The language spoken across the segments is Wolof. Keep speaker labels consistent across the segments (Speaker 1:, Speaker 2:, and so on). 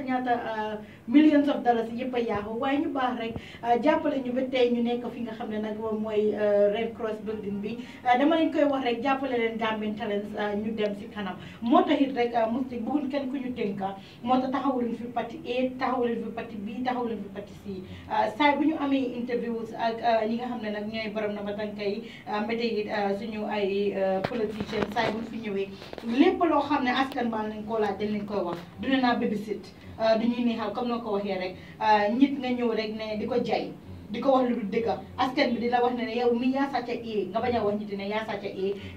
Speaker 1: ñaata ñaata euh, millions of dollars yëpp a yaaxu waaye ñu baax rek euh, jàppale ñu ba tey ñu nekk fi nga xam ne nag mooy euh, Red Cross building bi dama leen koy wax rek jàppale leen Gambian Talents ñu dem si kanam moo taxit rek musti bëgguñ kenn ku ñu tënka moo tax taxawul fi parti A taxawuleen fi parti B taxawuleen fi parti C saay bu ñu amee interviews ak ñi nga xam ne nag ñooy borom na ba tànkay mbéte yi suñu ay politiciens saay bu ñu fi ñëwee lépp loo xam ne askan baa leen koo laaj dañ leen koy wax dune naa dañuy neexal comme noo ko waxee rek nit nga ñëw rek ne di ko jay di ko wax lu dul dëgga askan bi di la wax ne ne yow mi yaa sàcc a nga bañ wax ñi di ne yaa sàcc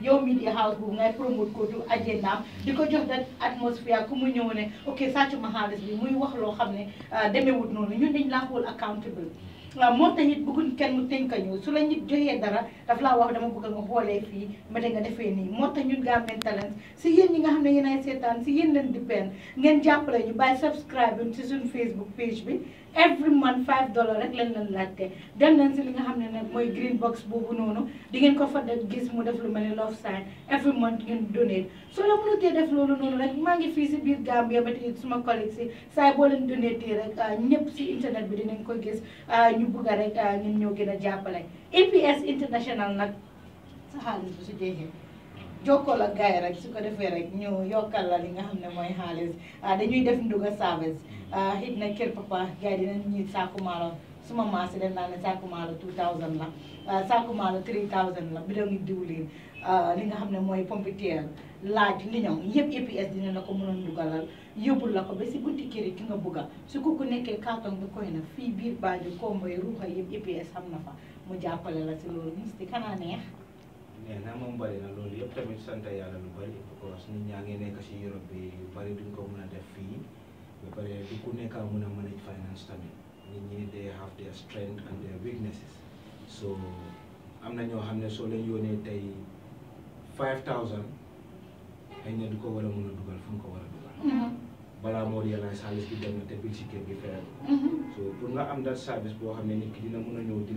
Speaker 1: yow mi di xaal boobu ngay promote ko du ajendaam di ko jox dat atmosphère ku mu ñëw ne ok sàcc ma xaalis bi muy wax loo xam ne ah, demewut noonu ñun dañ laa xool accountable moo tax it bëgguñ kenn mu tënka ñu su la nit joxee dara daf laa wax dama bëgg nga xoolee fii ma de nga defee nii moo tax ñun Gambian Talents si yéen ñi nga xam ne yéen ay seetaan si yéen leen depend ngeen jàppale ñu bàyyi subscribe si suñu Facebook page bi every month five dollar rek lañ leen laajte dem nañ si li nga xam ne nag mooy green box boobu noonu di ngeen ko fa def gis mu def lu ma ni love sign every month ngeen donate soo la mënutee def loolu noonu rek maa ngi ñu bëgg a rek euh, ñun ñoo gën a jàppale APS international nag sa xaalis bu su jeexee jokkool ak gars yi rek su ko defee rek ñu yokkal la li nga xam ne mooy xaalis dañuy def nduga service mm. xit na kër papa gars yi dinañ ñuy saaku maalo suma maas yi dem naa ne saaku maalo 2000 la uh, saaku maalo 3000 la bidon yi diwlin uh, li nga xam ne mooy pompiteer laaj li ñëw yëpp EPS dina la ko mënoon a yóbbul la ko ba si bunti kër ki nga bëgga si ko ku nekkee carton bi koy fii biir Banjul Komboy yëpp EPS na fa mu jàppale la si loolu mus di kanaa
Speaker 2: moom bari na loolu yëpp tamit sant yàlla lu bari parce que nit ñaa ngi nekk mën a def fii ba pare a mën finance tamit ñi de have their strength and their weaknesses so am na ñoo xam ne soo leen yónnee tey five thousand xëy na ko war a mën a dugal fu ko war a dugal mm-hmm. balaa moo realize xaalis bi dem na te bill si kër gi fayal mm-hmm. so pour nga am that service boo xam ne nit ki dina mën a ñëw
Speaker 1: di